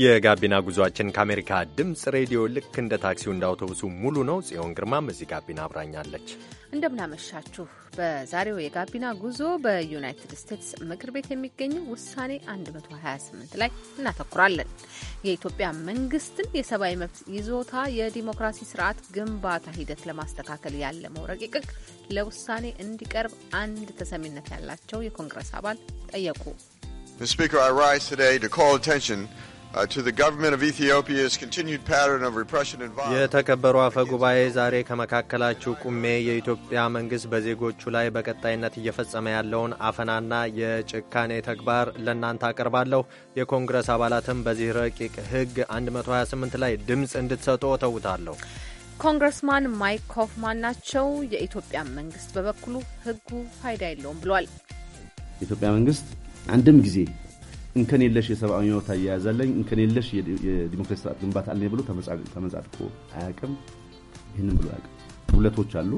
የጋቢና ጉዟችን ከአሜሪካ ድምፅ ሬዲዮ ልክ እንደ ታክሲው እንደ አውቶቡሱ ሙሉ ነው። ጽዮን ግርማም እዚህ ጋቢና አብራኛለች። እንደምናመሻችሁ። በዛሬው የጋቢና ጉዞ በዩናይትድ ስቴትስ ምክር ቤት የሚገኘው ውሳኔ 128 ላይ እናተኩራለን። የኢትዮጵያ መንግስትን የሰብአዊ መብት ይዞታ የዲሞክራሲ ስርዓት ግንባታ ሂደት ለማስተካከል ያለመው ረቂቅ ለውሳኔ እንዲቀርብ አንድ ተሰሚነት ያላቸው የኮንግረስ አባል ጠየቁ። Uh, የተከበሩ አፈ ጉባኤ፣ ዛሬ ከመካከላችሁ ቁሜ የኢትዮጵያ መንግስት በዜጎቹ ላይ በቀጣይነት እየፈጸመ ያለውን አፈናና የጭካኔ ተግባር ለእናንተ አቀርባለሁ። የኮንግረስ አባላትም በዚህ ረቂቅ ህግ 128 ላይ ድምፅ እንድትሰጡ ተውታለሁ። ኮንግረስማን ማይክ ኮፍማን ናቸው። የኢትዮጵያ መንግስት በበኩሉ ህጉ ፋይዳ የለውም ብሏል። የኢትዮጵያ መንግስት አንድም ጊዜ እንከን የለሽ የሰብአዊ መብት አያያዛለኝ እንከን የለሽ የዲሞክራሲ ስርዓት ግንባታ አለኝ ብሎ ተመጻድቆ አያውቅም። ይህንም ብሎ አያውቅም። ጉድለቶች አሉ።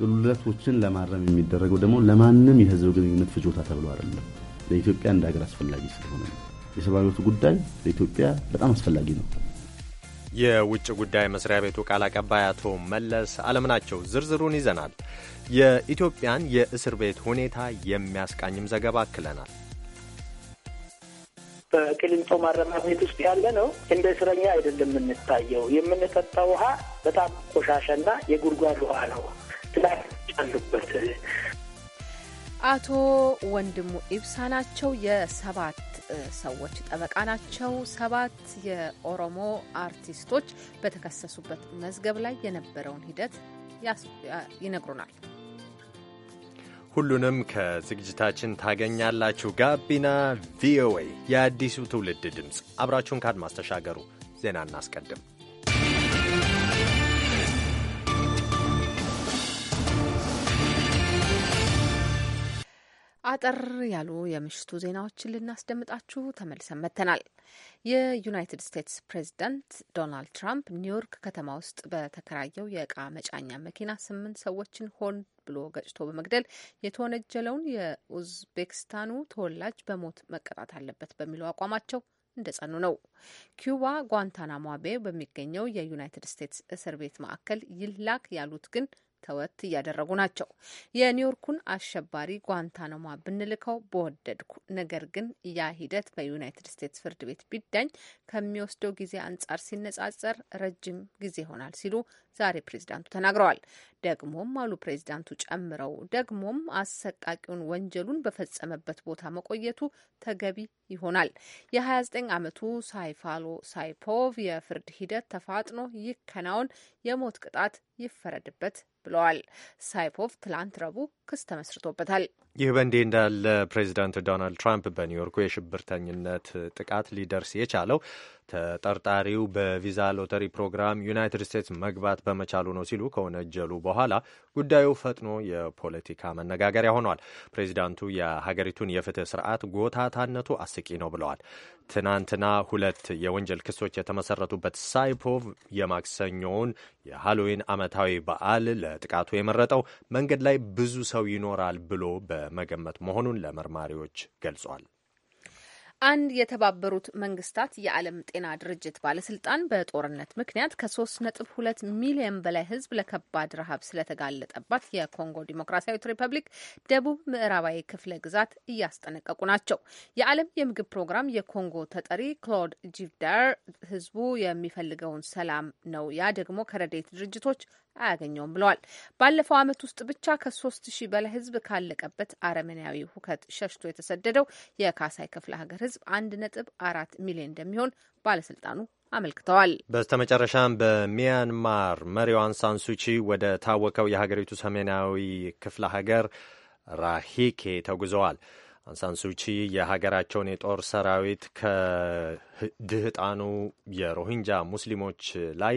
ጉድለቶችን ለማረም የሚደረገው ደግሞ ለማንም የህዝብ ግንኙነት ፍጆታ ተብሎ አይደለም፣ ለኢትዮጵያ እንደ ሀገር አስፈላጊ ስለሆነ የሰብአዊ መብት ጉዳይ ለኢትዮጵያ በጣም አስፈላጊ ነው። የውጭ ጉዳይ መስሪያ ቤቱ ቃል አቀባይ አቶ መለስ አለምናቸው ዝርዝሩን ይዘናል። የኢትዮጵያን የእስር ቤት ሁኔታ የሚያስቃኝም ዘገባ አክለናል። በቅሊንጦ ማረሚያ ቤት ውስጥ ያለ ነው። እንደ እስረኛ አይደለም የምንታየው። የምንጠጣው ውሃ በጣም ቆሻሻና የጉድጓድ ውሃ ነው። ትላት አሉበት አቶ ወንድሙ ኢብሳ ናቸው። የሰባት ሰዎች ጠበቃ ናቸው። ሰባት የኦሮሞ አርቲስቶች በተከሰሱበት መዝገብ ላይ የነበረውን ሂደት ይነግሩናል። ሁሉንም ከዝግጅታችን ታገኛላችሁ። ጋቢና ቪኦኤ የአዲሱ ትውልድ ድምፅ፣ አብራችሁን ካድማስ ተሻገሩ። ዜና እናስቀድም። አጠር ያሉ የምሽቱ ዜናዎችን ልናስደምጣችሁ ተመልሰን መጥተናል። የዩናይትድ ስቴትስ ፕሬዚዳንት ዶናልድ ትራምፕ ኒውዮርክ ከተማ ውስጥ በተከራየው የእቃ መጫኛ መኪና ስምንት ሰዎችን ሆን ብሎ ገጭቶ በመግደል የተወነጀለውን የኡዝቤክስታኑ ተወላጅ በሞት መቀጣት አለበት በሚለው አቋማቸው እንደጸኑ ነው። ኪዩባ ጓንታናሞ ቤ በሚገኘው የዩናይትድ ስቴትስ እስር ቤት ማዕከል ይላክ ያሉት ግን ተወት እያደረጉ ናቸው። የኒውዮርኩን አሸባሪ ጓንታናሞ ብንልከው በወደድኩ፣ ነገር ግን ያ ሂደት በዩናይትድ ስቴትስ ፍርድ ቤት ቢዳኝ ከሚወስደው ጊዜ አንጻር ሲነጻጸር ረጅም ጊዜ ይሆናል ሲሉ ዛሬ ፕሬዚዳንቱ ተናግረዋል። ደግሞም አሉ ፕሬዚዳንቱ ጨምረው ደግሞም አሰቃቂውን ወንጀሉን በፈጸመበት ቦታ መቆየቱ ተገቢ ይሆናል። የ29 ዓመቱ ሳይፋሎ ሳይፖቭ የፍርድ ሂደት ተፋጥኖ ይከናወን፣ የሞት ቅጣት ይፈረድበት ብለዋል። ሳይፖቭ ትላንት ረቡዕ ክስ ተመስርቶበታል። ይህ በእንዲህ እንዳለ ፕሬዚዳንት ዶናልድ ትራምፕ በኒውዮርኩ የሽብርተኝነት ጥቃት ሊደርስ የቻለው ተጠርጣሪው በቪዛ ሎተሪ ፕሮግራም ዩናይትድ ስቴትስ መግባት በመቻሉ ነው ሲሉ ከወነጀሉ በኋላ ጉዳዩ ፈጥኖ የፖለቲካ መነጋገሪያ ሆኗል። ፕሬዚዳንቱ የሀገሪቱን የፍትህ ስርዓት ጎታታነቱ አስቂ ነው ብለዋል። ትናንትና ሁለት የወንጀል ክሶች የተመሰረቱበት ሳይፖቭ የማክሰኞውን የሃሎዊን ዓመታዊ በዓል ለጥቃቱ የመረጠው መንገድ ላይ ብዙ ሰው ይኖራል ብሎ በመገመት መሆኑን ለመርማሪዎች ገልጿል። አንድ የተባበሩት መንግስታት የዓለም ጤና ድርጅት ባለስልጣን በጦርነት ምክንያት ከሶስት ነጥብ ሁለት ሚሊዮን በላይ ህዝብ ለከባድ ረሃብ ስለተጋለጠባት የኮንጎ ዲሞክራሲያዊት ሪፐብሊክ ደቡብ ምዕራባዊ ክፍለ ግዛት እያስጠነቀቁ ናቸው። የዓለም የምግብ ፕሮግራም የኮንጎ ተጠሪ ክሎድ ጂቭዳር ህዝቡ የሚፈልገውን ሰላም ነው፣ ያ ደግሞ ከረዴት ድርጅቶች አያገኘውም ብለዋል። ባለፈው ዓመት ውስጥ ብቻ ከሶስት ሺህ በላይ ህዝብ ካለቀበት አረመኔያዊ ሁከት ሸሽቶ የተሰደደው የካሳይ ክፍለ ሀገር ህዝብ አንድ ነጥብ አራት ሚሊዮን እንደሚሆን ባለስልጣኑ አመልክተዋል። በስተመጨረሻም በሚያንማር መሪዋን ሳንሱቺ ወደ ታወቀው የሀገሪቱ ሰሜናዊ ክፍለ ሀገር ራሂኬ ተጉዘዋል። አንሳንሱቺ የሀገራቸውን የጦር ሰራዊት ከድህጣኑ የሮሂንጃ ሙስሊሞች ላይ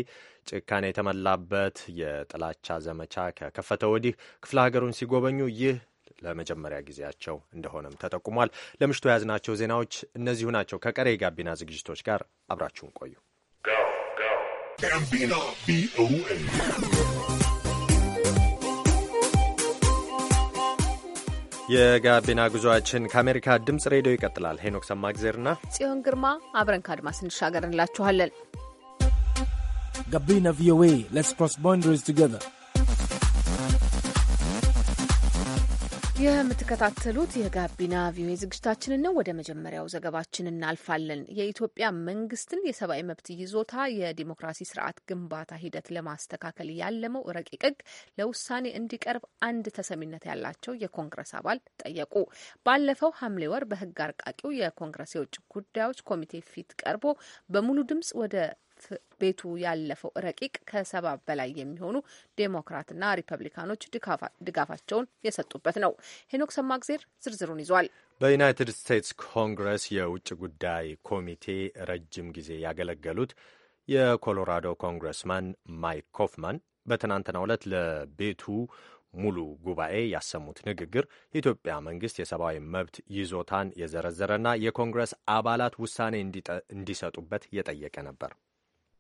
ጭካኔ የተሞላበት የጥላቻ ዘመቻ ከከፈተ ወዲህ ክፍለ ሀገሩን ሲጎበኙ ይህ ለመጀመሪያ ጊዜያቸው እንደሆነም ተጠቁሟል። ለምሽቱ የያዝናቸው ዜናዎች እነዚሁ ናቸው። ከቀሬ የጋቢና ዝግጅቶች ጋር አብራችሁን ቆዩ። የጋቢና ጉዞአችን ከአሜሪካ ድምፅ ሬዲዮ ይቀጥላል። ሄኖክ ሰማግዜርና ጽዮን ግርማ አብረን ከአድማስ እንሻገር እንላችኋለን። ጋቢና ቪኦኤ ሌትስ ክሮስ ባውንደሪስ ቱጌዘር የምትከታተሉት የጋቢና ቪኦኤ ዝግጅታችንን ነው። ወደ መጀመሪያው ዘገባችን እናልፋለን። የኢትዮጵያ መንግስትን የሰብአዊ መብት ይዞታ የዲሞክራሲ ስርዓት ግንባታ ሂደት ለማስተካከል ያለመው ረቂቅ ህግ ለውሳኔ እንዲቀርብ አንድ ተሰሚነት ያላቸው የኮንግረስ አባል ጠየቁ። ባለፈው ሐምሌ ወር በህግ አርቃቂው የኮንግረስ የውጭ ጉዳዮች ኮሚቴ ፊት ቀርቦ በሙሉ ድምጽ ወደ ቤቱ ያለፈው ረቂቅ ከሰባ በላይ የሚሆኑ ዴሞክራትና ሪፐብሊካኖች ድጋፋቸውን የሰጡበት ነው። ሄኖክ ሰማግዜር ዝርዝሩን ይዟል። በዩናይትድ ስቴትስ ኮንግረስ የውጭ ጉዳይ ኮሚቴ ረጅም ጊዜ ያገለገሉት የኮሎራዶ ኮንግረስማን ማይክ ኮፍማን በትናንትናው ዕለት ለቤቱ ሙሉ ጉባኤ ያሰሙት ንግግር የኢትዮጵያ መንግስት የሰብአዊ መብት ይዞታን የዘረዘረና የኮንግረስ አባላት ውሳኔ እንዲሰጡበት የጠየቀ ነበር።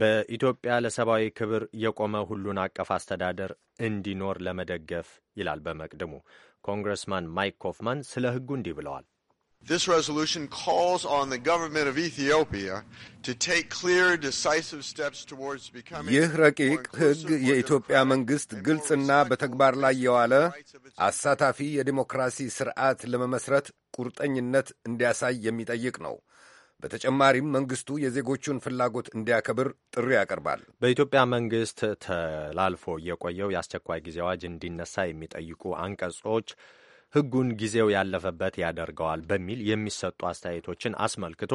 በኢትዮጵያ ለሰብአዊ ክብር የቆመ ሁሉን አቀፍ አስተዳደር እንዲኖር ለመደገፍ ይላል በመቅድሙ። ኮንግረስማን ማይክ ኮፍማን ስለ ህጉ እንዲህ ብለዋል። This resolution calls on the government of Ethiopia to take clear, decisive steps towards becoming ይህ ረቂቅ ህግ የኢትዮጵያ መንግሥት ግልጽና በተግባር ላይ የዋለ አሳታፊ የዲሞክራሲ ስርዓት ለመመስረት ቁርጠኝነት እንዲያሳይ የሚጠይቅ ነው። በተጨማሪም መንግስቱ የዜጎቹን ፍላጎት እንዲያከብር ጥሪ ያቀርባል። በኢትዮጵያ መንግስት ተላልፎ የቆየው የአስቸኳይ ጊዜ አዋጅ እንዲነሳ የሚጠይቁ አንቀጾች ህጉን ጊዜው ያለፈበት ያደርገዋል በሚል የሚሰጡ አስተያየቶችን አስመልክቶ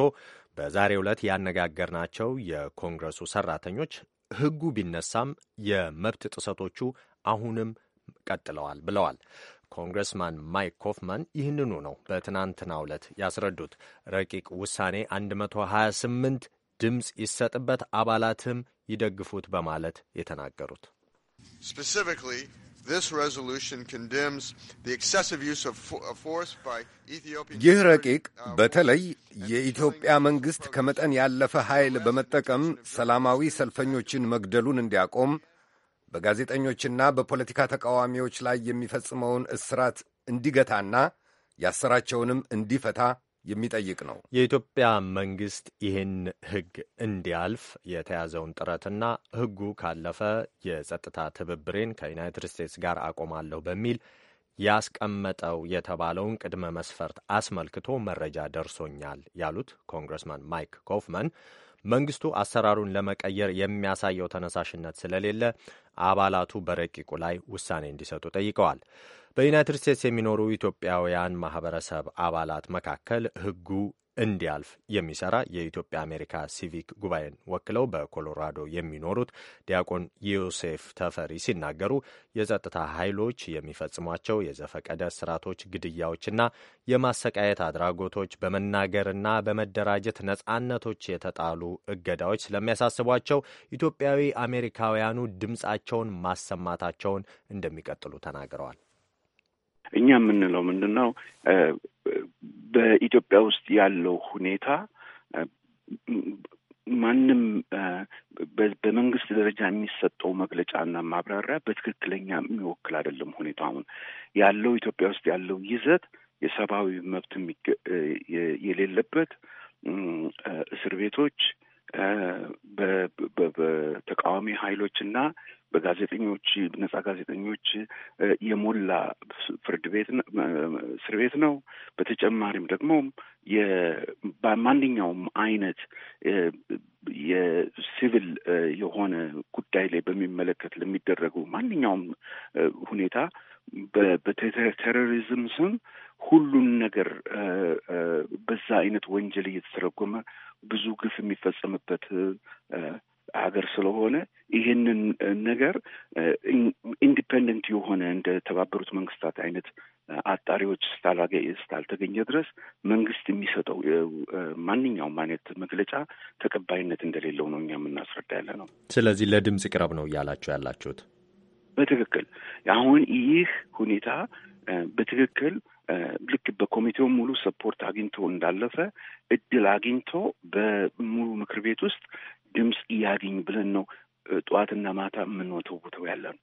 በዛሬው ዕለት ያነጋገርናቸው የኮንግረሱ ሰራተኞች ህጉ ቢነሳም የመብት ጥሰቶቹ አሁንም ቀጥለዋል ብለዋል። ኮንግረስማን ማይክ ኮፍማን ይህንኑ ነው በትናንትና ዕለት ያስረዱት። ረቂቅ ውሳኔ 128 ድምፅ ይሰጥበት፣ አባላትም ይደግፉት በማለት የተናገሩት ይህ ረቂቅ uh, በተለይ የኢትዮጵያ መንግሥት ከመጠን ያለፈ ኃይል በመጠቀም ሰላማዊ ሰልፈኞችን መግደሉን እንዲያቆም በጋዜጠኞችና በፖለቲካ ተቃዋሚዎች ላይ የሚፈጽመውን እስራት እንዲገታና ያሰራቸውንም እንዲፈታ የሚጠይቅ ነው። የኢትዮጵያ መንግስት ይህን ህግ እንዲያልፍ የተያዘውን ጥረትና ህጉ ካለፈ የጸጥታ ትብብሬን ከዩናይትድ ስቴትስ ጋር አቆማለሁ በሚል ያስቀመጠው የተባለውን ቅድመ መስፈርት አስመልክቶ መረጃ ደርሶኛል ያሉት ኮንግረስማን ማይክ ኮፍመን መንግስቱ አሰራሩን ለመቀየር የሚያሳየው ተነሳሽነት ስለሌለ አባላቱ በረቂቁ ላይ ውሳኔ እንዲሰጡ ጠይቀዋል። በዩናይትድ ስቴትስ የሚኖሩ ኢትዮጵያውያን ማህበረሰብ አባላት መካከል ህጉ እንዲያልፍ የሚሰራ የኢትዮጵያ አሜሪካ ሲቪክ ጉባኤን ወክለው በኮሎራዶ የሚኖሩት ዲያቆን ዮሴፍ ተፈሪ ሲናገሩ የጸጥታ ኃይሎች የሚፈጽሟቸው የዘፈቀደ ስርዓቶች፣ ግድያዎችና የማሰቃየት አድራጎቶች በመናገርና በመደራጀት ነጻነቶች የተጣሉ እገዳዎች ስለሚያሳስቧቸው ኢትዮጵያዊ አሜሪካውያኑ ድምፃቸውን ማሰማታቸውን እንደሚቀጥሉ ተናግረዋል። እኛ የምንለው ምንድን ነው? በኢትዮጵያ ውስጥ ያለው ሁኔታ ማንም በመንግስት ደረጃ የሚሰጠው መግለጫና ማብራሪያ በትክክለኛ የሚወክል አይደለም። ሁኔታውን ያለው ኢትዮጵያ ውስጥ ያለው ይዘት የሰብአዊ መብት የሌለበት እስር ቤቶች በተቃዋሚ ኃይሎች እና በጋዜጠኞች ነጻ ጋዜጠኞች የሞላ ፍርድ ቤት እስር ቤት ነው። በተጨማሪም ደግሞ በማንኛውም አይነት የሲቪል የሆነ ጉዳይ ላይ በሚመለከት ለሚደረጉ ማንኛውም ሁኔታ በቴሮሪዝም ስም ሁሉን ነገር በዛ አይነት ወንጀል እየተተረጎመ ብዙ ግፍ የሚፈጸምበት ሀገር ስለሆነ ይህንን ነገር ኢንዲፐንደንት የሆነ እንደ ተባበሩት መንግስታት አይነት አጣሪዎች ስታልተገኘ ድረስ መንግስት የሚሰጠው ማንኛውም አይነት መግለጫ ተቀባይነት እንደሌለው ነው እኛ የምናስረዳ ያለ ነው። ስለዚህ ለድምፅ ቅረብ ነው እያላቸው ያላችሁት? በትክክል አሁን ይህ ሁኔታ በትክክል ልክ በኮሚቴው ሙሉ ሰፖርት አግኝቶ እንዳለፈ እድል አግኝቶ በሙሉ ምክር ቤት ውስጥ ድምፅ እያገኝ ብለን ነው ጠዋትና ማታ ቦታው ያለ ነው።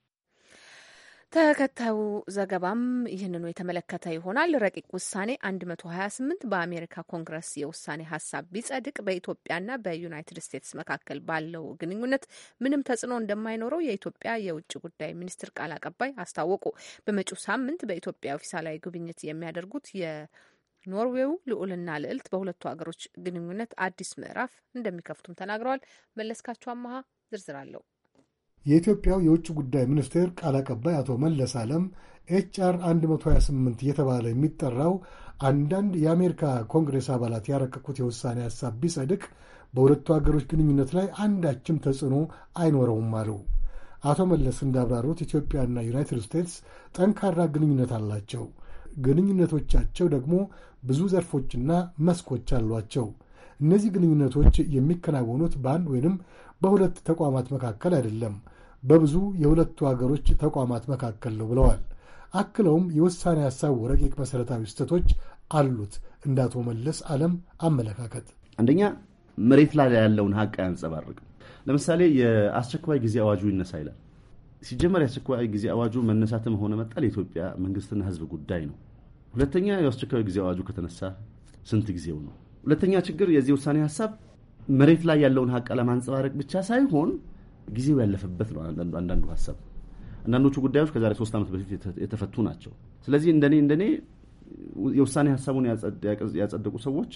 ተከታዩ ዘገባም ይህንኑ የተመለከተ ይሆናል። ረቂቅ ውሳኔ 128 በአሜሪካ ኮንግረስ የውሳኔ ሀሳብ ቢጸድቅ በኢትዮጵያና በዩናይትድ ስቴትስ መካከል ባለው ግንኙነት ምንም ተጽዕኖ እንደማይኖረው የኢትዮጵያ የውጭ ጉዳይ ሚኒስትር ቃል አቀባይ አስታወቁ። በመጪው ሳምንት በኢትዮጵያ ኦፊሳላዊ ጉብኝት የሚያደርጉት የኖርዌው ልዑልና ልዕልት በሁለቱ ሀገሮች ግንኙነት አዲስ ምዕራፍ እንደሚከፍቱም ተናግረዋል። መለስካቸው አመሀ ዝርዝር አለው። የኢትዮጵያው የውጭ ጉዳይ ሚኒስቴር ቃል አቀባይ አቶ መለስ ዓለም ኤችአር 128 እየተባለ የሚጠራው አንዳንድ የአሜሪካ ኮንግሬስ አባላት ያረቀቁት የውሳኔ ሐሳብ ቢጸድቅ በሁለቱ አገሮች ግንኙነት ላይ አንዳችም ተጽዕኖ አይኖረውም አሉ። አቶ መለስ እንዳብራሩት ኢትዮጵያና ዩናይትድ ስቴትስ ጠንካራ ግንኙነት አላቸው። ግንኙነቶቻቸው ደግሞ ብዙ ዘርፎችና መስኮች አሏቸው። እነዚህ ግንኙነቶች የሚከናወኑት በአንድ ወይንም በሁለት ተቋማት መካከል አይደለም። በብዙ የሁለቱ አገሮች ተቋማት መካከል ነው ብለዋል። አክለውም የውሳኔ ሀሳቡ ረቂቅ መሠረታዊ ስህተቶች አሉት እንደ አቶ መለስ ዓለም አመለካከት አንደኛ መሬት ላይ ያለውን ሀቅ አያንጸባርቅም። ለምሳሌ የአስቸኳይ ጊዜ አዋጁ ይነሳ ይላል። ሲጀመር የአስቸኳይ ጊዜ አዋጁ መነሳትም ሆነ መጣል የኢትዮጵያ መንግስትና ሕዝብ ጉዳይ ነው። ሁለተኛ የአስቸኳይ ጊዜ አዋጁ ከተነሳ ስንት ጊዜው ነው? ሁለተኛ ችግር የዚህ ውሳኔ ሀሳብ መሬት ላይ ያለውን ሀቅ ለማንጸባረቅ ብቻ ሳይሆን ጊዜው ያለፈበት ነው። አንዳንዱ ሀሳብ አንዳንዶቹ ጉዳዮች ከዛሬ ሶስት ዓመት በፊት የተፈቱ ናቸው። ስለዚህ እንደኔ እንደኔ የውሳኔ ሀሳቡን ያጸደቁ ሰዎች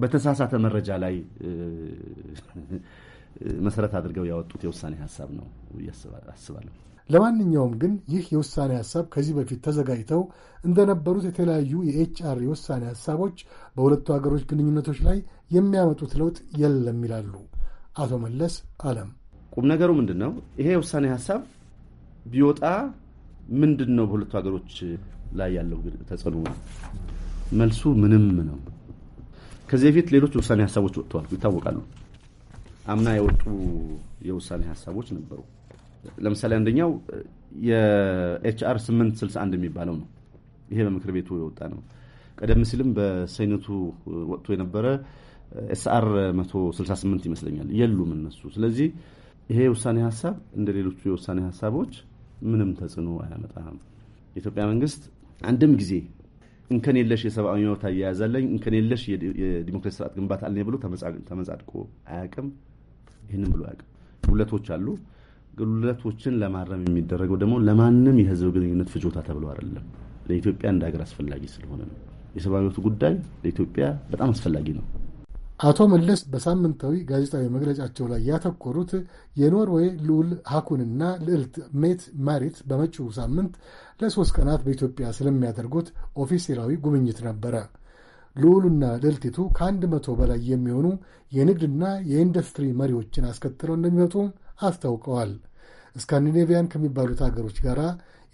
በተሳሳተ መረጃ ላይ መሰረት አድርገው ያወጡት የውሳኔ ሀሳብ ነው አስባለሁ። ለማንኛውም ግን ይህ የውሳኔ ሀሳብ ከዚህ በፊት ተዘጋጅተው እንደነበሩት የተለያዩ የኤችአር የውሳኔ ሀሳቦች በሁለቱ ሀገሮች ግንኙነቶች ላይ የሚያመጡት ለውጥ የለም ይላሉ አቶ መለስ አለም። ቁም ነገሩ ምንድን ነው? ይሄ የውሳኔ ሀሳብ ቢወጣ ምንድን ነው በሁለቱ ሀገሮች ላይ ያለው ተጽዕኖ? መልሱ ምንም ነው። ከዚህ በፊት ሌሎች ውሳኔ ሀሳቦች ወጥተዋል፣ ይታወቃሉ። አምና የወጡ የውሳኔ ሀሳቦች ነበሩ። ለምሳሌ አንደኛው የኤችአር 861 የሚባለው ነው። ይሄ በምክር ቤቱ የወጣ ነው። ቀደም ሲልም በሴኔቱ ወጥቶ የነበረ ኤስአር 168 ይመስለኛል የሉም እነሱ። ስለዚህ ይሄ ውሳኔ ሀሳብ እንደ ሌሎቹ የውሳኔ ሀሳቦች ምንም ተጽዕኖ አያመጣም። የኢትዮጵያ መንግስት አንድም ጊዜ እንከን የለሽ የሰብአዊ መብት አያያዝ አለኝ፣ እንከን የለሽ የዲሞክራሲ ስርዓት ግንባታ አለኝ ብሎ ተመጻድቆ አያውቅም። ይህንም ብሎ አያውቅም። ጉድለቶች አሉ። ጉድለቶችን ለማረም የሚደረገው ደግሞ ለማንም የህዝብ ግንኙነት ፍጆታ ተብሎ አይደለም፣ ለኢትዮጵያ እንደ ሀገር አስፈላጊ ስለሆነ ነው። የሰብአዊ ጉዳይ ለኢትዮጵያ በጣም አስፈላጊ ነው። አቶ መለስ በሳምንታዊ ጋዜጣዊ መግለጫቸው ላይ ያተኮሩት የኖርዌይ ልዑል ሐኩንና ልዕልት ሜት ማሪት በመጪው ሳምንት ለሦስት ቀናት በኢትዮጵያ ስለሚያደርጉት ኦፊሴላዊ ጉብኝት ነበረ። ልዑሉና ልዕልቲቱ ከአንድ መቶ በላይ የሚሆኑ የንግድና የኢንዱስትሪ መሪዎችን አስከትለው እንደሚመጡ አስታውቀዋል። ስካንዲኔቪያን ከሚባሉት አገሮች ጋር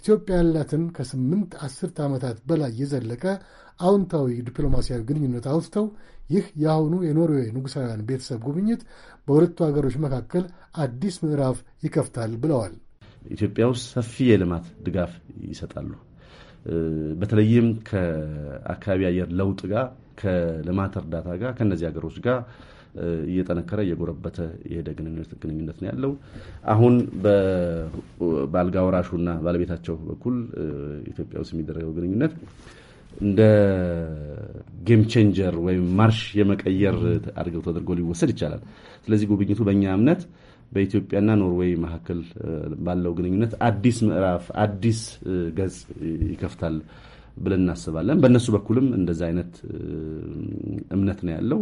ኢትዮጵያ ያላትን ከስምንት አስርተ ዓመታት በላይ የዘለቀ አዎንታዊ ዲፕሎማሲያዊ ግንኙነት አውስተው ይህ የአሁኑ የኖርዌይ ንጉሣውያን ቤተሰብ ጉብኝት በሁለቱ ሀገሮች መካከል አዲስ ምዕራፍ ይከፍታል ብለዋል። ኢትዮጵያ ውስጥ ሰፊ የልማት ድጋፍ ይሰጣሉ። በተለይም ከአካባቢ አየር ለውጥ ጋር፣ ከልማት እርዳታ ጋር ከእነዚህ ሀገሮች ጋር እየጠነከረ እየጎረበተ የሄደ ግንኙነት ነው ያለው። አሁን በአልጋ ወራሹና ባለቤታቸው በኩል ኢትዮጵያ ውስጥ የሚደረገው ግንኙነት እንደ ጌም ቼንጀር ወይም ማርሽ የመቀየር አድርገው ተደርጎ ሊወሰድ ይቻላል። ስለዚህ ጉብኝቱ በእኛ እምነት በኢትዮጵያና ኖርዌይ መካከል ባለው ግንኙነት አዲስ ምዕራፍ፣ አዲስ ገጽ ይከፍታል ብለን እናስባለን። በእነሱ በኩልም እንደዚ አይነት እምነት ነው ያለው።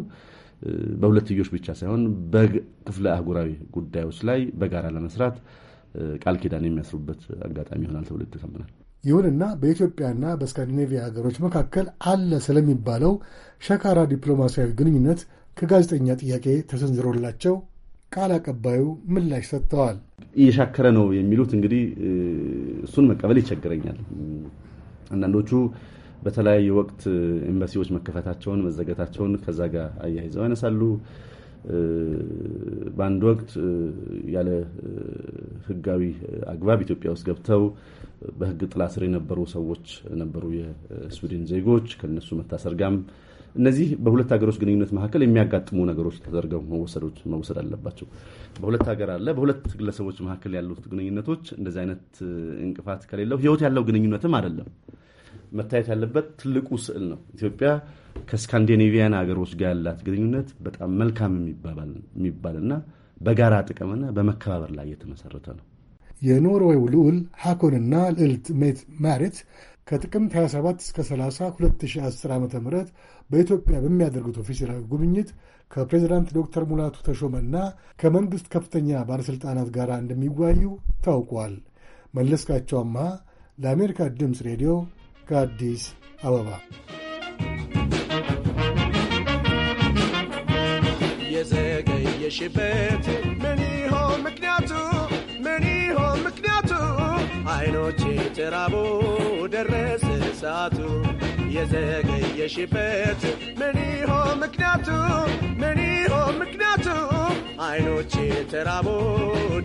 በሁለትዮሽ ብቻ ሳይሆን በክፍለ አህጉራዊ ጉዳዮች ላይ በጋራ ለመስራት ቃል ኪዳን የሚያስሩበት አጋጣሚ ይሆናል ተብሎ ይታመናል። ይሁንና በኢትዮጵያና በስካንዲኔቪያ ሀገሮች መካከል አለ ስለሚባለው ሸካራ ዲፕሎማሲያዊ ግንኙነት ከጋዜጠኛ ጥያቄ ተሰንዝሮላቸው ቃል አቀባዩ ምላሽ ሰጥተዋል። እየሻከረ ነው የሚሉት እንግዲህ እሱን መቀበል ይቸግረኛል። አንዳንዶቹ በተለያየ ወቅት ኤምባሲዎች መከፈታቸውን፣ መዘጋታቸውን ከዛ ጋር አያይዘው ያነሳሉ። በአንድ ወቅት ያለ ሕጋዊ አግባብ ኢትዮጵያ ውስጥ ገብተው በሕግ ጥላ ስር የነበሩ ሰዎች ነበሩ፣ የስዊድን ዜጎች ከነሱ መታሰር ጋም እነዚህ በሁለት ሀገሮች ግንኙነት መካከል የሚያጋጥሙ ነገሮች ተደርገው መወሰድ አለባቸው። በሁለት ሀገር አለ በሁለት ግለሰቦች መካከል ያሉት ግንኙነቶች እንደዚህ አይነት እንቅፋት ከሌለው ህይወት ያለው ግንኙነትም አይደለም። መታየት ያለበት ትልቁ ስዕል ነው። ኢትዮጵያ ከስካንዲኔቪያን ሀገሮች ጋር ያላት ግንኙነት በጣም መልካም የሚባልና በጋራ ጥቅምና በመከባበር ላይ የተመሰረተ ነው። የኖርዌው ልዑል ሐኮንና ልዕልት ሜት ማሪት ከጥቅምት 27 እስከ 30 2010 ዓ ም በኢትዮጵያ በሚያደርጉት ኦፊሴላዊ ጉብኝት ከፕሬዚዳንት ዶክተር ሙላቱ ተሾመና ከመንግሥት ከፍተኛ ባለሥልጣናት ጋር እንደሚወያዩ ታውቋል። መለስካቸው ለአሜሪካ ድምፅ ሬዲዮ ከአዲስ አበባ የዘገየሽበት ምን ይሆን ምክንያቱ? ምን ይሆን ምክንያቱ? አይኖቼ ተራቦ ደረሰ ሰዓቱ። የዘገየሽበት ምን ይሆን ምክንያቱ? ምን ይሆን ምክንያቱ? አይኖቼ ተራቦ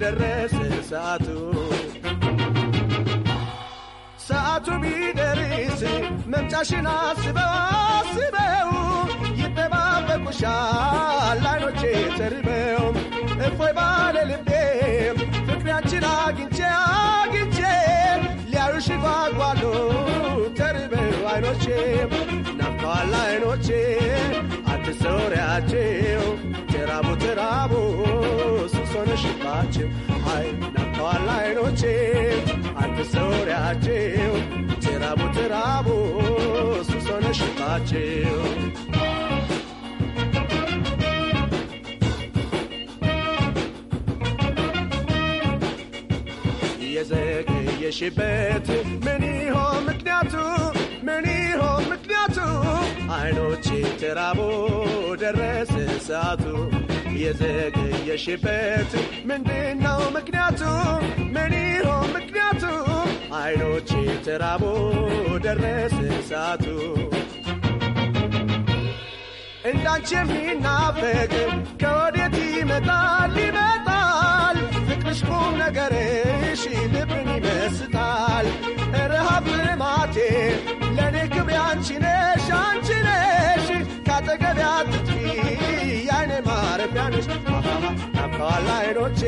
ደረሰ ሰዓቱ ሰዓቱ ቢደርስ መምጫሽን አስበው አስበው ይጠባበቁሻል አይኖቼ ተርበው እፎይ ባለ ልቤ ፍቅሪያችን አግኝቼ አግኝቼ ሊያዩሽ ጓጓሉ ተርበው አይኖቼ ናፍቀዋል አይኖቼ አትሰውሪያቸው ተራቡ ተራቡ ሱሶነሽባቸው አይ ኋላ አይኖቼ አንድ ሰውሪያቸው ትራቡ ትራቡ ሱሶነሽባቸው የዘገየሽበት ምን ይሆን ምክንያቱ? ምን ይሆን ምክንያቱ? አይኖቼ ትራቡ ደረሰ ሰዓቱ የዘገየሽበት ምንድነው ምክንያቱ? ምን ይሆን ምክንያቱ? አይኖች የተራቦ ደረሰ ሰዓቱ እንዳንቺ የሚናፈቅ ከወዴት ይመጣል ይመጣል ፍቅርሽ ቁም ነገርሽ ልብን ይመስጣል ረሃብ ማቴ ለእኔ ክብር አንቺ ነሽ አንቺ ነሽ ካጠገቢያ ናፍቀዋል አይኖቼ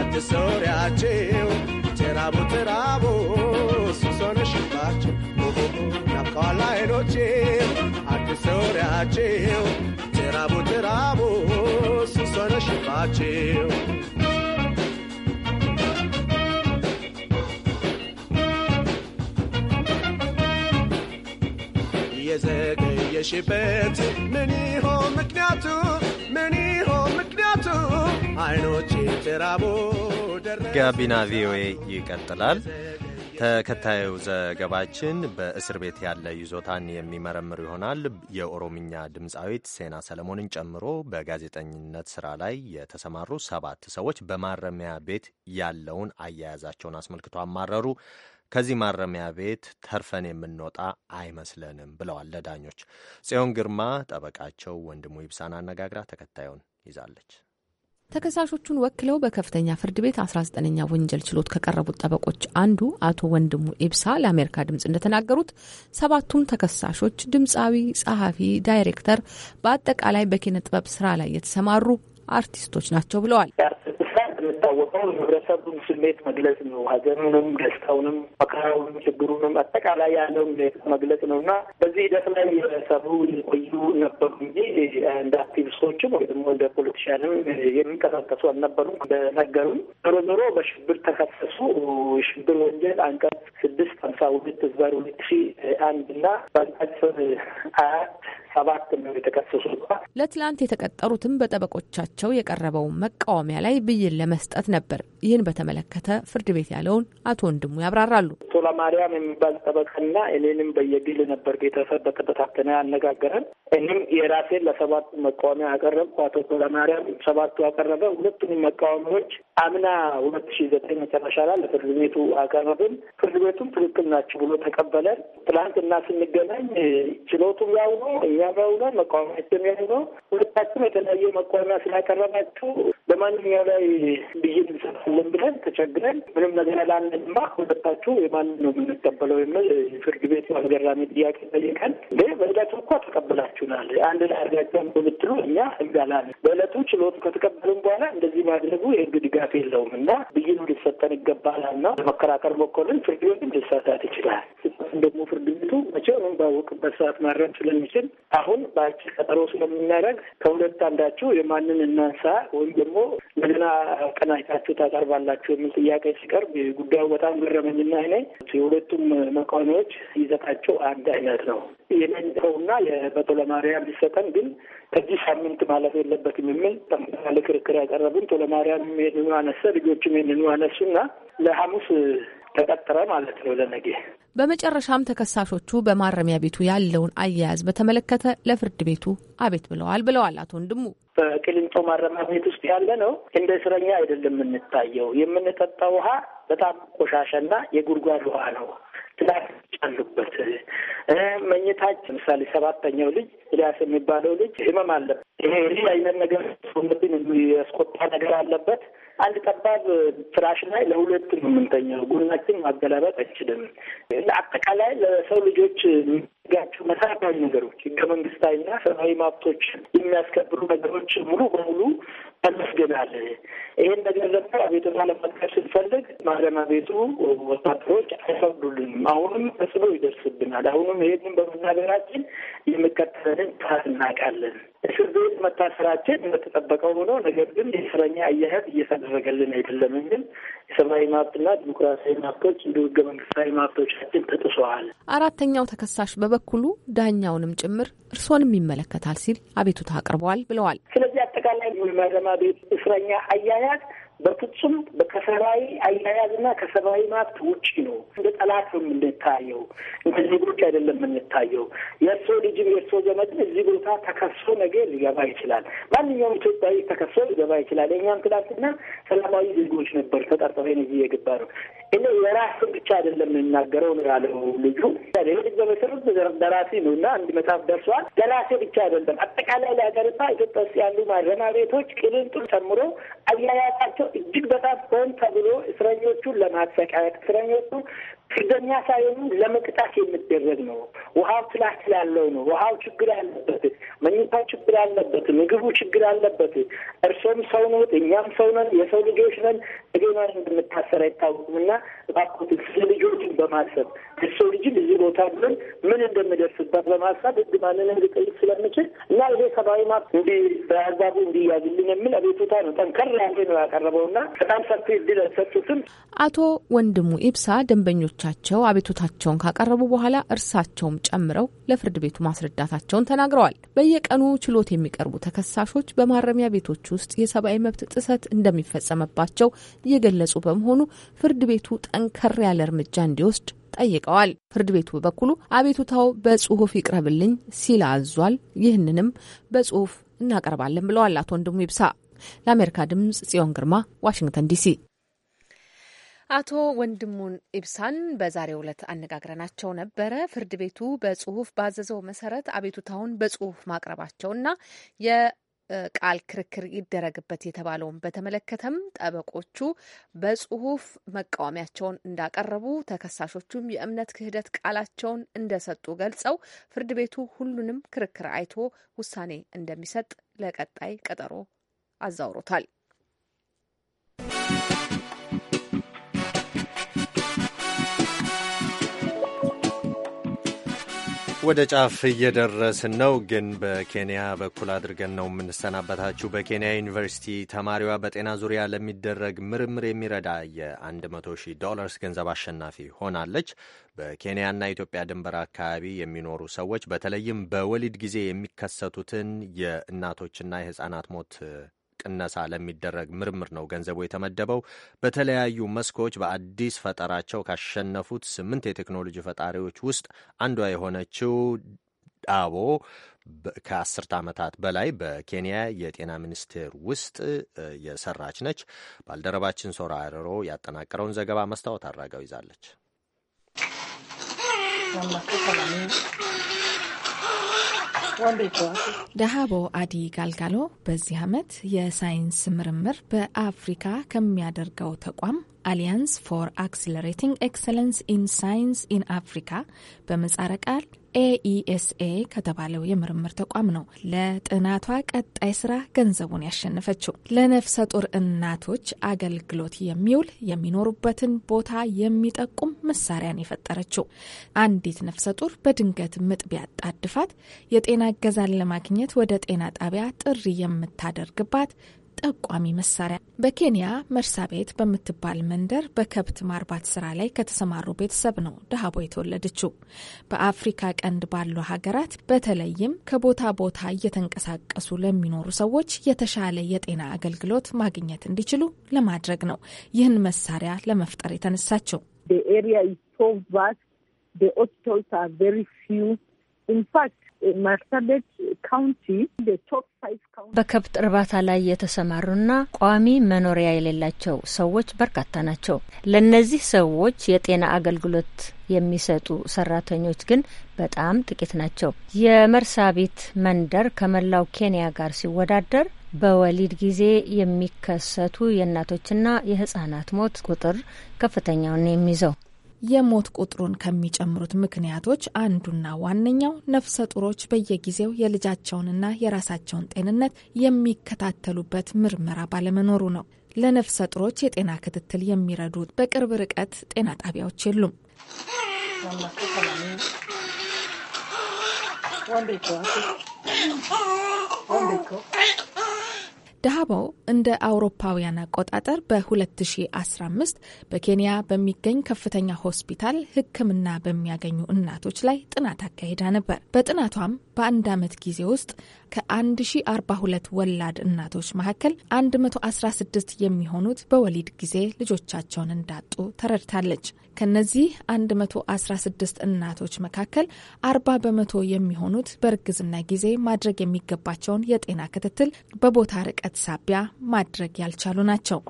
አዲስ ሶሪያቸው ተራቡ የዘገየሽበት ምን ይሆን ምክንያቱ ምን ይሆን ምክንያቱ አይኖቼ ጋቢና ቪኦኤ ይቀጥላል። ተከታዩ ዘገባችን በእስር ቤት ያለ ይዞታን የሚመረምር ይሆናል። የኦሮምኛ ድምፃዊት ሴና ሰለሞንን ጨምሮ በጋዜጠኝነት ስራ ላይ የተሰማሩ ሰባት ሰዎች በማረሚያ ቤት ያለውን አያያዛቸውን አስመልክቶ አማረሩ። ከዚህ ማረሚያ ቤት ተርፈን የምንወጣ አይመስለንም ብለዋል ለዳኞች። ጽዮን ግርማ ጠበቃቸው ወንድሙ ይብሳን አነጋግራ ተከታዩን ይዛለች። ተከሳሾቹን ወክለው በከፍተኛ ፍርድ ቤት 19ኛ ወንጀል ችሎት ከቀረቡት ጠበቆች አንዱ አቶ ወንድሙ ኢብሳ ለአሜሪካ ድምፅ እንደተናገሩት ሰባቱም ተከሳሾች ድምፃዊ፣ ጸሐፊ፣ ዳይሬክተር፣ በአጠቃላይ በኪነ ጥበብ ስራ ላይ የተሰማሩ አርቲስቶች ናቸው ብለዋል። የህብረተሰቡን ስሜት መግለጽ ነው። ሀዘኑንም፣ ደስታውንም፣ መከራውንም፣ ችግሩንም አጠቃላይ ያለው መግለጽ ነው እና በዚህ ሂደት ላይ የሰሩ የቆዩ ነበሩ እንጂ እንደ አክቲቪስቶችም ወይ ደግሞ እንደ ፖለቲሽያንም የሚንቀሳቀሱ አልነበሩም። በነገሩም ዞሮ ዞሮ በሽብር ተከሰሱ። የሽብር ወንጀል አንቀጽ ስድስት ሀምሳ ሁለት ህዝባዊ ሁለት ሺ አንድ እና በአንቀጽ አያት ሰባት ነው የተከሰሱ። ለትላንት የተቀጠሩትም በጠበቆቻቸው የቀረበው መቃወሚያ ላይ ብይን ለመስጠት ነበር። ይህን በተመለከተ ፍርድ ቤት ያለውን አቶ ወንድሙ ያብራራሉ። ቶላ ማርያም የሚባል ጠበቃና እኔንም በየግል ነበር ቤተሰብ በተበታተነ ያነጋገረን። እኔም የራሴን ለሰባቱ መቃወሚያ አቀረብኩ። አቶ ቶላ ማርያም ሰባቱ አቀረበ። ሁለቱንም መቃወሚያዎች አምና ሁለት ሺ ዘጠኝ መጨረሻ ላይ ለፍርድ ቤቱ አቀረብን። ፍርድ ቤቱም ትክክል ናቸው ብሎ ተቀበለን። ትላንትና ስንገናኝ ችሎቱ ያው ነው፣ እኛም ያው ነው፣ መቃወሚያችን ያው ነው። ሁለታችሁም የተለያየ መቃወሚያ ስላቀረባችሁ በማንኛው ላይ ብይን እንሰጣለን ዝም ብለን ተቸግረን ምንም ነገር ላለንማ ሁለታችሁ የማን ነው የምንቀበለው የሚል ፍርድ ቤቱ አስገራሚ ጥያቄ ጠይቀን ግን በእለቱ እኮ ተቀብላችሁናል አንድ ላይ አድርጋችኋል ብትሉ እኛ ህግ አላለን። በዕለቱ ችሎቱ ከተቀበልን በኋላ እንደዚህ ማድረጉ የህግ ድጋፍ የለውም እና ብይኑ ሊሰጠን ይገባላል ነው ለመከራከር ሞከልን። ፍርድ ቤትም ሊሳሳት ይችላል። ደግሞ ፍርድ በሚያስተዋውቅበት ሰዓት ማድረግ ስለሚችል አሁን በአጭር ቀጠሮ ስለምናደርግ ከሁለት አንዳችሁ የማንን እናንሳ ወይም ደግሞ ለገና ቀናይታችሁ ታቀርባላችሁ የሚል ጥያቄ ሲቀርብ ጉዳዩ በጣም ገረመኝና እኔ የሁለቱም መቃወሚያዎች ይዘታቸው አንድ አይነት ነው። የመንጠውና የበቶ ለማርያም ሊሰጠን ግን ከዚህ ሳምንት ማለፍ የለበትም የሚል ለክርክር ያቀረብን ቶለማርያም ይህንኑ አነሳ፣ ልጆችም ይህንኑ አነሱና ለሐሙስ ተቀጥረ ማለት ነው ለነገ። በመጨረሻም ተከሳሾቹ በማረሚያ ቤቱ ያለውን አያያዝ በተመለከተ ለፍርድ ቤቱ አቤት ብለዋል ብለዋል አቶ ወንድሙ። በቅሊንጦ ማረሚያ ቤት ውስጥ ያለ ነው እንደ እስረኛ አይደለም የምንታየው። የምንጠጣ ውሃ በጣም ቆሻሻና የጉድጓድ ውሃ ነው። ትላቅ አሉበት መኝታች ለምሳሌ ሰባተኛው ልጅ ኤልያስ የሚባለው ልጅ ህመም አለ። ይሄ አይነት ነገር ሰውነትን የሚያስቆጣ ነገር አለበት። አንድ ጠባብ ፍራሽ ላይ ለሁለት ነው የምንተኛው። ጉናችን ማገላበጥ አይችልም። አጠቃላይ ለሰው ልጆች የሚጋቸው መሰረታዊ ነገሮች ህገ መንግስታዊና ሰብአዊ መብቶች የሚያስከብሩ ነገሮች ሙሉ በሙሉ ተመስገናል። ይሄን ነገር ደግሞ አቤቱታ ለመቀር ስንፈልግ ማረሚያ ቤቱ ወታደሮች አይፈቅዱልንም። አሁንም ተጽዕኖ ይደርስብናል። አሁንም ይሄንን በመናገራችን የሚከተለን ያንን ጥፋት እናውቃለን። እስር ቤት መታሰራችን እንደተጠበቀው ሆኖ ነገር ግን የእስረኛ አያያዝ እየተደረገልን አይደለም የሚል የሰብአዊ መብትና ዲሞክራሲያዊ መብቶች እንዲሁ ህገ መንግስታዊ መብቶቻችን ተጥሰዋል። አራተኛው ተከሳሽ በበኩሉ ዳኛውንም ጭምር እርስዎንም ይመለከታል ሲል አቤቱታ አቅርበዋል ብለዋል። ስለዚህ አጠቃላይ ማረሚያ ቤት እስረኛ አያያዝ በፍጹም ከሰብአዊ አያያዝና ከሰብአዊ መብት ውጭ ነው። እንደ ጠላት ነው የምንታየው፣ እንደ ዜጎች አይደለም የምንታየው። የእርሶ ልጅም የእርሶ ዘመድም እዚህ ቦታ ተከሶ ነገ ሊገባ ይችላል። ማንኛውም ኢትዮጵያዊ ተከሶ ሊገባ ይችላል። የእኛም ትላንትና ሰላማዊ ዜጎች ነበር ተጠርጥረን እዚህ የገባ ነው እ የራስን ብቻ አይደለም የምናገረው ነው ያለው ልጁ። ልጅ በመሰረት ደራሲ ነው እና አንድ መጽሐፍ ደርሷል። ደራሴ ብቻ አይደለም አጠቃላይ ለሀገርታ ኢትዮጵያ ውስጥ ያሉ ማረሚያ ቤቶች ቅልንጡን ጨምሮ አያያዛቸው ናቸው። እጅግ በጣም ሆን ተብሎ እስረኞቹን ለማሰቃየት እስረኞቹ ጥገኛ ሳይሆኑ ለመቅጣት የሚደረግ ነው። ውሃው ትላት ስላለው ነው። ውሃው ችግር አለበት፣ መኝታው ችግር አለበት፣ ምግቡ ችግር አለበት። እርሶም ሰው ኖት፣ እኛም ሰው ነን፣ የሰው ልጆች ነን። እገና እንደምታሰር አይታወቁም እና እባክዎትን ስለ ልጆችን በማሰብ የሰው ልጅ እዚህ ቦታ ብለን ምን እንደምደርስበት በማሰብ ህግ ማንንም ሊጠይቅ ስለምችል እና ይሄ ሰብአዊ መብት እንዲ በአግባቡ እንዲያዝልኝ የሚል አቤቱታ ነው ጠንከር ያለ ነው ያቀረበው እና በጣም ሰፊ እድል ሰጡትም አቶ ወንድሙ ኢብሳ ደንበኞች ደንበኞቻቸው አቤቱታቸውን ካቀረቡ በኋላ እርሳቸውም ጨምረው ለፍርድ ቤቱ ማስረዳታቸውን ተናግረዋል። በየቀኑ ችሎት የሚቀርቡ ተከሳሾች በማረሚያ ቤቶች ውስጥ የሰብአዊ መብት ጥሰት እንደሚፈጸምባቸው እየገለጹ በመሆኑ ፍርድ ቤቱ ጠንከር ያለ እርምጃ እንዲወስድ ጠይቀዋል። ፍርድ ቤቱ በበኩሉ አቤቱታው በጽሁፍ ይቅረብልኝ ሲል አዟል። ይህንንም በጽሁፍ እናቀርባለን ብለዋል አቶ ወንድሙ ይብሳ። ለአሜሪካ ድምጽ ጽዮን ግርማ ዋሽንግተን ዲሲ አቶ ወንድሙን ኢብሳን በዛሬው ዕለት አነጋግረናቸው ነበረ። ፍርድ ቤቱ በጽሁፍ ባዘዘው መሰረት አቤቱታውን በጽሁፍ ማቅረባቸውና የቃል ክርክር ይደረግበት የተባለውን በተመለከተም ጠበቆቹ በጽሁፍ መቃወሚያቸውን እንዳቀረቡ፣ ተከሳሾቹም የእምነት ክህደት ቃላቸውን እንደሰጡ ገልጸው ፍርድ ቤቱ ሁሉንም ክርክር አይቶ ውሳኔ እንደሚሰጥ ለቀጣይ ቀጠሮ አዛውሮታል። ወደ ጫፍ እየደረስን ነው፣ ግን በኬንያ በኩል አድርገን ነው የምንሰናበታችሁ። በኬንያ ዩኒቨርሲቲ ተማሪዋ በጤና ዙሪያ ለሚደረግ ምርምር የሚረዳ የ100 ሺህ ዶላርስ ገንዘብ አሸናፊ ሆናለች። በኬንያና ኢትዮጵያ ድንበር አካባቢ የሚኖሩ ሰዎች በተለይም በወሊድ ጊዜ የሚከሰቱትን የእናቶችና የህጻናት ሞት ቅነሳ ለሚደረግ ምርምር ነው ገንዘቡ የተመደበው። በተለያዩ መስኮች በአዲስ ፈጠራቸው ካሸነፉት ስምንት የቴክኖሎጂ ፈጣሪዎች ውስጥ አንዷ የሆነችው ዳቦ ከአስርት ዓመታት በላይ በኬንያ የጤና ሚኒስቴር ውስጥ የሰራች ነች። ባልደረባችን ሶራ አረሮ ያጠናቀረውን ዘገባ መስታወት አድራጋው ይዛለች። ደሃቦ አዲ ጋልጋሎ በዚህ ዓመት የሳይንስ ምርምር በአፍሪካ ከሚያደርገው ተቋም አሊያንስ ፎር አክሲለሬቲንግ ኤክሰለንስ ኢን ሳይንስ ኢን አፍሪካ በመጻረ ቃል ኤኢኤስኤ ከተባለው የምርምር ተቋም ነው ለጥናቷ ቀጣይ ስራ ገንዘቡን ያሸነፈችው። ለነፍሰ ጡር እናቶች አገልግሎት የሚውል የሚኖሩበትን ቦታ የሚጠቁም መሳሪያን የፈጠረችው አንዲት ነፍሰ ጡር በድንገት ምጥ ቢያጣድፋት የጤና እገዛን ለማግኘት ወደ ጤና ጣቢያ ጥሪ የምታደርግባት ጠቋሚ መሳሪያ። በኬንያ መርሳ ቤት በምትባል መንደር በከብት ማርባት ስራ ላይ ከተሰማሩ ቤተሰብ ነው ድሃቦ የተወለደችው። በአፍሪካ ቀንድ ባሉ ሀገራት በተለይም ከቦታ ቦታ እየተንቀሳቀሱ ለሚኖሩ ሰዎች የተሻለ የጤና አገልግሎት ማግኘት እንዲችሉ ለማድረግ ነው ይህን መሳሪያ ለመፍጠር የተነሳቸው። በከብት እርባታ ላይ የተሰማሩና ቋሚ መኖሪያ የሌላቸው ሰዎች በርካታ ናቸው። ለእነዚህ ሰዎች የጤና አገልግሎት የሚሰጡ ሰራተኞች ግን በጣም ጥቂት ናቸው። የመርሳቢት መንደር ከመላው ኬንያ ጋር ሲወዳደር በወሊድ ጊዜ የሚከሰቱ የእናቶችና የህጻናት ሞት ቁጥር ከፍተኛውን የሚይዘው የሞት ቁጥሩን ከሚጨምሩት ምክንያቶች አንዱና ዋነኛው ነፍሰ ጡሮች በየጊዜው የልጃቸውንና የራሳቸውን ጤንነት የሚከታተሉበት ምርመራ ባለመኖሩ ነው። ለነፍሰ ጡሮች የጤና ክትትል የሚረዱ በቅርብ ርቀት ጤና ጣቢያዎች የሉም። ዳሃባው እንደ አውሮፓውያን አቆጣጠር በ2015 በኬንያ በሚገኝ ከፍተኛ ሆስፒታል ሕክምና በሚያገኙ እናቶች ላይ ጥናት አካሂዳ ነበር። በጥናቷም በአንድ ዓመት ጊዜ ውስጥ ከ1042 ወላድ እናቶች መካከል 116 የሚሆኑት በወሊድ ጊዜ ልጆቻቸውን እንዳጡ ተረድታለች። ከነዚህ 116 እናቶች መካከል 40 በመቶ የሚሆኑት በእርግዝና ጊዜ ማድረግ የሚገባቸውን የጤና ክትትል በቦታ ርቀት ሳቢያ ማድረግ ያልቻሉ ናቸው።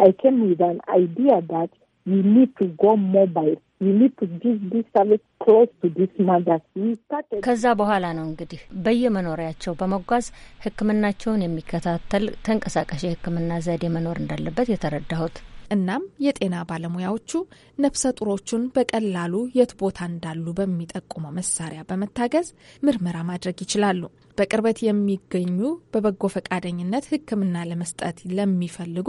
ከዛ በኋላ ነው እንግዲህ በየመኖሪያቸው በመጓዝ ሕክምናቸውን የሚከታተል ተንቀሳቃሽ የሕክምና ዘዴ መኖር እንዳለበት የተረዳሁት። እናም የጤና ባለሙያዎቹ ነፍሰ ጡሮቹን በቀላሉ የት ቦታ እንዳሉ በሚጠቁመው መሳሪያ በመታገዝ ምርመራ ማድረግ ይችላሉ። በቅርበት የሚገኙ በበጎ ፈቃደኝነት ህክምና ለመስጠት ለሚፈልጉ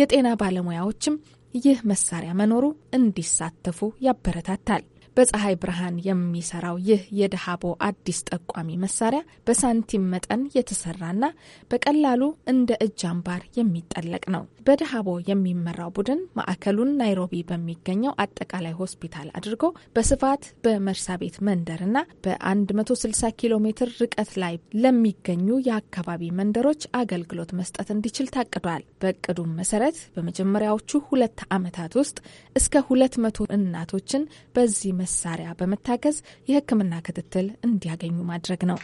የጤና ባለሙያዎችም ይህ መሳሪያ መኖሩ እንዲሳተፉ ያበረታታል። በፀሐይ ብርሃን የሚሰራው ይህ የደሃቦ አዲስ ጠቋሚ መሳሪያ በሳንቲም መጠን የተሰራና በቀላሉ እንደ እጅ አምባር የሚጠለቅ ነው። በደሃቦ የሚመራው ቡድን ማዕከሉን ናይሮቢ በሚገኘው አጠቃላይ ሆስፒታል አድርጎ በስፋት በመርሳ ቤት መንደርና በ160 ኪሎ ሜትር ርቀት ላይ ለሚገኙ የአካባቢ መንደሮች አገልግሎት መስጠት እንዲችል ታቅዷል። በእቅዱም መሰረት በመጀመሪያዎቹ ሁለት ዓመታት ውስጥ እስከ ሁለት መቶ እናቶችን በዚህ መሳሪያ በመታገዝ የሕክምና ክትትል እንዲያገኙ ማድረግ ነው።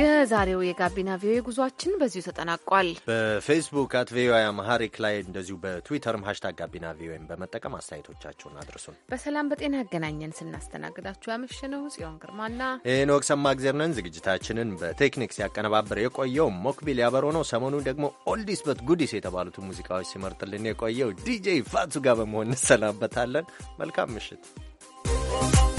የዛሬው የጋቢና ቪኦኤ ጉዟችን በዚሁ ተጠናቋል። በፌስቡክ አት ቪኦኤ አማሃሪክ ላይ እንደዚሁ በትዊተርም ሀሽታግ ጋቢና ቪኦኤን በመጠቀም አስተያየቶቻችሁን አድርሱን። በሰላም በጤና ያገናኘን። ስናስተናግዳችሁ ያመሸነው ጽዮን ግርማና ኖክ ሰማ ግዜርነን። ዝግጅታችንን በቴክኒክ ሲያቀነባብር የቆየው ሞክቢል ያበሮ ነው። ሰሞኑን ደግሞ ኦልዲስ በት ጉዲስ የተባሉትን ሙዚቃዎች ሲመርጥልን የቆየው ዲጄ ፋቱ ጋር በመሆን እንሰናበታለን። መልካም ምሽት።